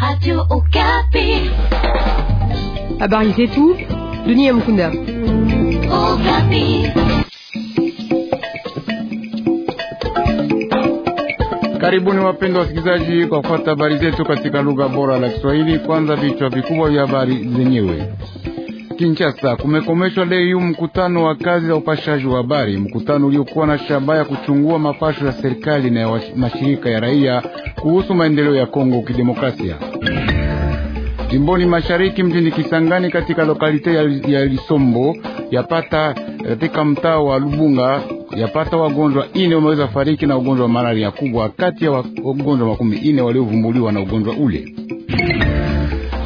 Radio Okapi. Habari ah zetu Dunia Mkunda. Okapi. Karibuni wapendwa wasikilizaji kwa kufuata habari zetu katika lugha bora la Kiswahili. Kwanza vichwa vikubwa vya habari zenyewe. Kinshasa kumekomeshwa leo mkutano wa kazi za upashaji wa habari, mkutano uliokuwa na shabaha ya kuchungua mapasho ya serikali na ya mashirika ya raia kuhusu maendeleo ya Kongo Kidemokrasia. Jimboni mashariki mjini Kisangani, katika lokalite ya, ya Lisombo yapata eh, katika mtaa wa Lubunga yapata wagonjwa ine wameweza fariki na ugonjwa wa malaria kubwa, kati ya wagonjwa makumi ine waliovumbuliwa na ugonjwa ule.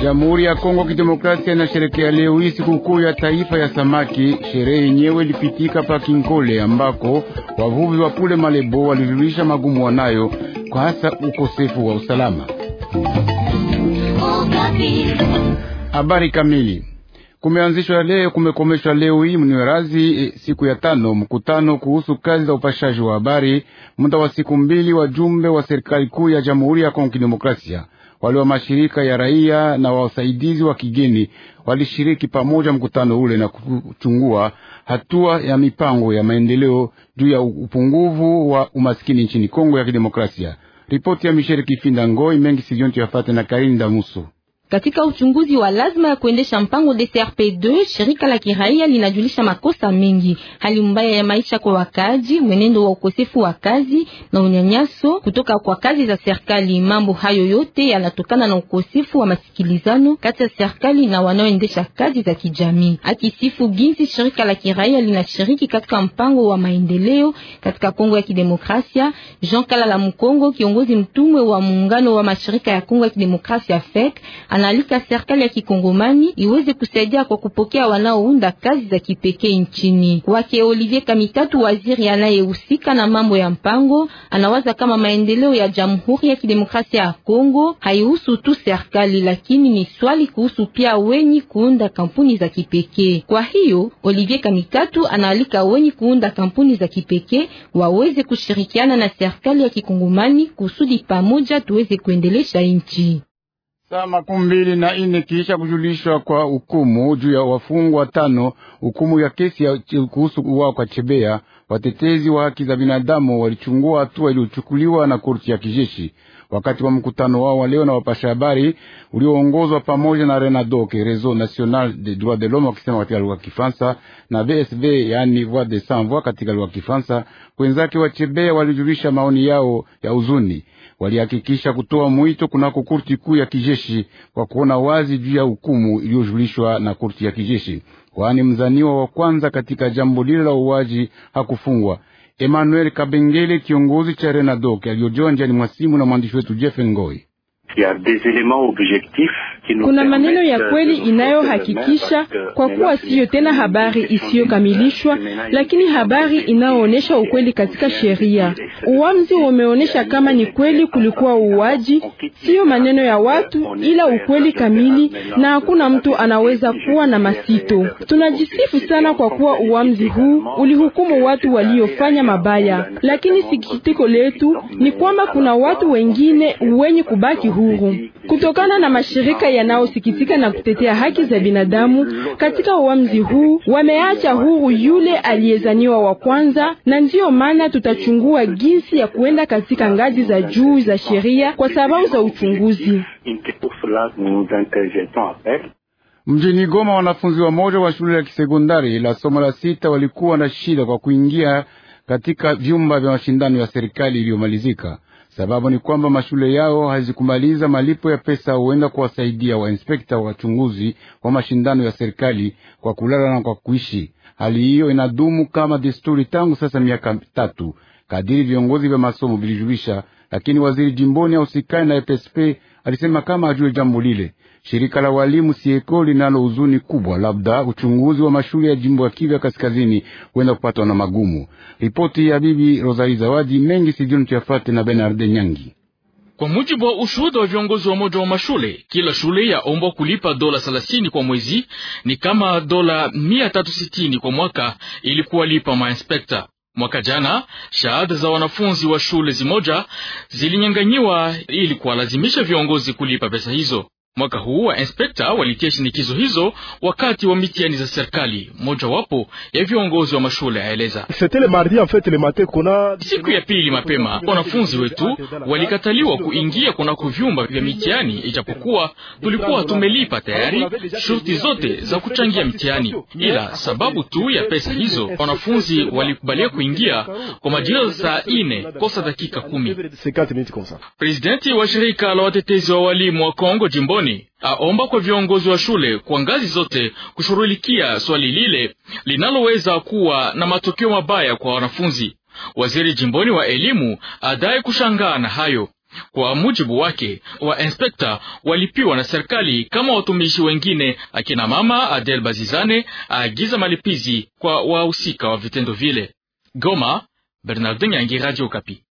Jamhuri ya Kongo Kidemokrasia inasherekea leo hii sikukuu ya taifa ya samaki. Sherehe yenyewe ilipitika pa Kinkole ambako wavuvi wa pule malebo walijulisha magumu wanayo kwa hasa ukosefu wa usalama. Habari kamili kumeanzishwa leo, kumekomeshwa leo hii e, siku ya tano mkutano kuhusu kazi za upashaji wa habari muda wa siku mbili. Wajumbe wa serikali kuu ya Jamhuri ya Kongo Kidemokrasia wale wa mashirika ya raia na wasaidizi wa kigeni walishiriki pamoja mkutano ule na kuchungua hatua ya mipango ya maendeleo juu ya upungufu wa umaskini nchini Kongo ya Kidemokrasia. Ripoti ya Misheri Kifinda Ngoi mengi sijonti yafate na Karinda Muso katika uchunguzi wa lazima ya kuendesha mpango DCRP2, shirika la kiraia linajulisha makosa mengi: hali mbaya ya maisha kwa wakazi, mwenendo wa ukosefu wa kazi na unyanyaso kutoka kwa kazi za serikali. Mambo hayo yote yanatokana na ukosefu wa masikilizano kati ya serikali na wanaoendesha kazi za kijamii. Akisifu ginsi shirika la kiraia linashiriki katika mpango wa maendeleo katika Kongo ya Kidemokrasia, Jean Kalala Mkongo, kiongozi mtumwe wa muungano wa mashirika ya Kongo ya Kidemokrasia FEC Analika serikali ya kikongomani iweze kusaidia kwa kupokea wanaounda kazi za kipekee nchini kwake. Olivier Kamitatu, waziri anayehusika na mambo ya mpango, anawaza kama maendeleo ya Jamhuri ya Kidemokrasia ya Kongo haihusu tu serikali, lakini ni swali kuhusu pia wenye kuunda kampuni za kipekee. Kwa hiyo Olivier Kamitatu anaalika wenye kuunda kampuni za kipekee waweze kushirikiana na serikali ya kikongomani kusudi pamoja tuweze kuendelesha nchi saa makumi mbili na ine kiisha kujulishwa kwa hukumu juu ya wafungwa tano, hukumu ya kesi ya kuhusu uwao kwa Chebea, watetezi wa haki za binadamu walichungua hatua iliyochukuliwa na korti ya kijeshi wakati wa mkutano wao wa leo na wapasha habari ulioongozwa pamoja na RENADOC Réseau National des Droits de l'Homme wakisema katika lugha ya Kifaransa na VSV yaani Voix des Sans Voix katika lugha ya Kifaransa. Wenzake wa Chebea walijulisha maoni yao ya uzuni walihakikisha kutoa mwito kunako kurti kuu ya kijeshi kwa kuona wazi juu ya hukumu iliyojulishwa na kurti ya kijeshi, kwani mzaniwa wa kwanza katika jambo lile la uwaji hakufungwa. Emmanuel Kabengele, kiongozi cha Renadoke, aliyojoa njiani mwa simu na mwandishi wetu Jeff Ngoi kuna maneno ya kweli inayohakikisha kwa kuwa siyo tena habari isiyokamilishwa, lakini habari inayoonyesha ukweli katika sheria. Uamuzi umeonyesha kama ni kweli kulikuwa uuaji, siyo maneno ya watu, ila ukweli kamili, na hakuna mtu anaweza kuwa na masito. Tunajisifu sana kwa kuwa uamuzi huu ulihukumu watu waliofanya mabaya, lakini sikitiko letu ni kwamba kuna watu wengine wenye kubaki huru kutokana na mashirika yanayosikitika na kutetea haki za binadamu. Katika uamuzi huu wameacha huru yule aliyezaniwa wa kwanza, na ndiyo maana tutachungua jinsi ya kuenda katika ngazi za juu za sheria kwa sababu za uchunguzi. Mjini Goma, wanafunzi wa moja wa shule ya kisekondari la somo la sita walikuwa na shida kwa kuingia katika vyumba vya mashindano ya serikali iliyomalizika. Sababu ni kwamba mashule yao hazikumaliza malipo ya pesa huenda kuwasaidia wainspekta wachunguzi wa mashindano ya serikali kwa kulala na kwa kuishi. Hali hiyo inadumu kama desturi tangu sasa miaka tatu, kadiri viongozi vya masomo vilijulisha, lakini waziri jimboni ausikani na FSP e alisema kama ajue jambo lile. Shirika la walimu Sieko linalo huzuni kubwa, labda uchunguzi wa mashule ya jimbo ya Kivu ya kaskazini huenda kupatwa na magumu. Ripoti ya Bibi Rosali Zawadi mengi sijuni tuyafate na Benarde Nyangi. Kwa mujibu wa ushuhuda wa viongozi wa moja wa mashule, kila shule ya ombwa kulipa dola 30 kwa mwezi, ni kama dola 360 kwa mwaka ili kuwalipa mainspekta. Mwaka jana shahada za wanafunzi wa shule zimoja zilinyang'anyiwa ili kuwalazimisha viongozi kulipa pesa hizo. Mwaka huu wa inspekta walitia shinikizo hizo wakati wa mitihani za serikali, mojawapo ya viongozi wa mashule aeleza, Siku ya pili mapema, wanafunzi wetu walikataliwa kuingia kunako vyumba vya mitihani, ijapokuwa tulikuwa tumelipa tayari shurti zote za kuchangia mitihani, ila sababu tu ya pesa hizo wanafunzi walikubalia kuingia kwa majira saa ine kosa dakika kumi. Presidenti wa shirika la watetezi wa walimu wa Kongo jimboni jioni. Aomba kwa viongozi wa shule kwa ngazi zote kushughulikia swali lile linaloweza kuwa na matokeo mabaya kwa wanafunzi. Waziri jimboni wa elimu adai kushangaa na hayo. Kwa mujibu wake, wa inspekta walipiwa na serikali kama watumishi wengine. Akina mama Adel Bazizane aagiza malipizi kwa wahusika wa vitendo vile. Goma, Bernardin Yangi, Radio Kapi.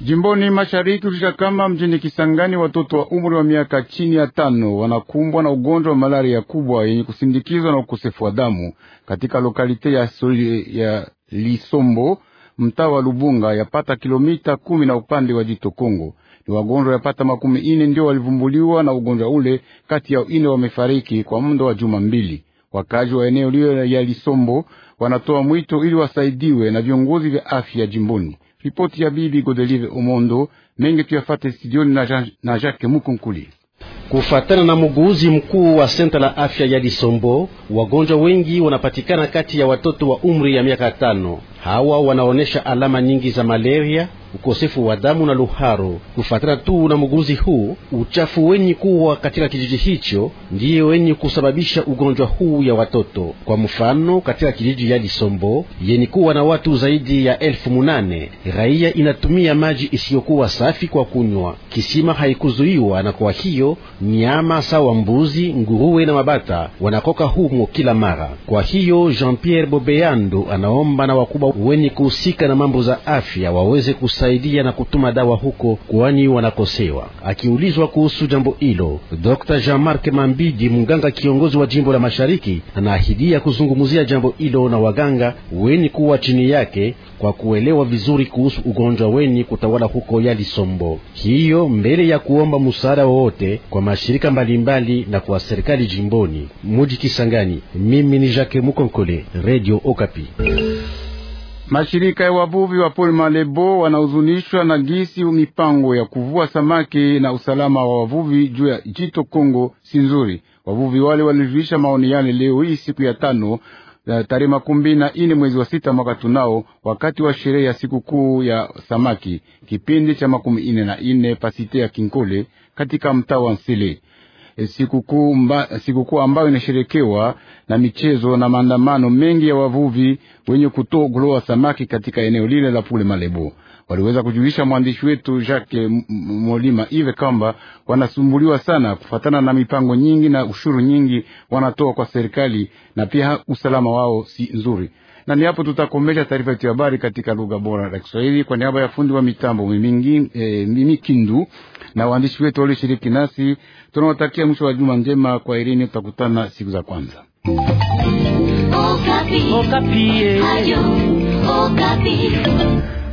Jimboni mashariki kisha kama mjini Kisangani, watoto wa umri wa miaka chini ya tano wanakumbwa na ugonjwa wa malaria kubwa yenye kusindikizwa na ukosefu wa damu katika lokalite ya, soli, ya Lisombo mtaa wa Lubunga yapata kilomita kumi na upande wa jito Kongo. Ni wagonjwa yapata makumi ine ndio walivumbuliwa na ugonjwa ule, kati ya ine wamefariki kwa muda wa juma mbili. Wakazi wa eneo lile ya Lisombo wanatoa mwito ili wasaidiwe na viongozi vya afya jimboni. Ripoti ya Bibi Godelive Omondo mengi tuyafate studioni na, Jean, na Jacques Mukunkuli. Kufatana na muguuzi mkuu wa senta la afya ya Disombo, wagonjwa wengi wanapatikana kati ya watoto wa umri ya miaka tano. Hawa wanaonesha alama nyingi za malaria ukosefu wa damu na luharo. Kufatana tu na muguzi huu, uchafu wenye kuwa katika kijiji hicho ndiye wenye kusababisha ugonjwa huu ya watoto. Kwa mfano, katika kijiji ya Lisombo yenye kuwa na watu zaidi ya elfu munane raia inatumia maji isiyokuwa safi kwa kunywa. Kisima haikuzuiwa na kwa hiyo nyama sawa mbuzi, nguruwe na mabata wanakoka humo kila mara. Kwa hiyo Jean Pierre Bobeando anaomba na wakubwa wenye kuhusika na mambo za afya waweze kus kusaidia na kutuma dawa huko, kwani wanakosewa. Akiulizwa kuhusu jambo hilo, Dr. Jean-Marc Mambidi, mganga kiongozi wa jimbo la Mashariki, anaahidia kuzungumzia jambo hilo na waganga weni kuwa chini yake kwa kuelewa vizuri kuhusu ugonjwa weni kutawala huko Yalisombo, hiyo mbele ya kuomba msaada wowote kwa mashirika mbalimbali mbali na kwa serikali jimboni. Muji Kisangani, mimi ni Jacques Mukonkole, Radio Okapi. Mashirika ya wavuvi wa Pole Malebo wanahuzunishwa na gisi mipango ya kuvua samaki na usalama wa wavuvi juu ya jito Kongo si nzuri. Wavuvi wale walirudisha maoni yale leo hii siku ya tano tarehe makumi na ine mwezi wa sita mwaka tunao, wakati wa sherehe ya sikukuu ya samaki, kipindi cha makumi ine na ine pasite ya Kinkole katika mtaa wa Nsele. E, sikukuu siku ambayo inasherekewa na michezo na maandamano mengi ya wavuvi wenye kutoa kuloa samaki katika eneo lile la Pule Malebo. Waliweza kujulisha mwandishi wetu Jacques Molima Ive kwamba wanasumbuliwa sana kufatana na mipango nyingi na ushuru nyingi wanatoa kwa serikali, na pia usalama wao si nzuri na ni hapo tutakomesha taarifa yetu ya habari katika lugha bora la Kiswahili. Kwa niaba ya fundi wa mitambo mimingi, eh, Mimi Kindu na waandishi wetu walioshiriki nasi, tunawatakia mwisho wa juma njema. Kwa irini, tutakutana siku za kwanza. Okapi. Okapi. Eh. Ayo, Okapi.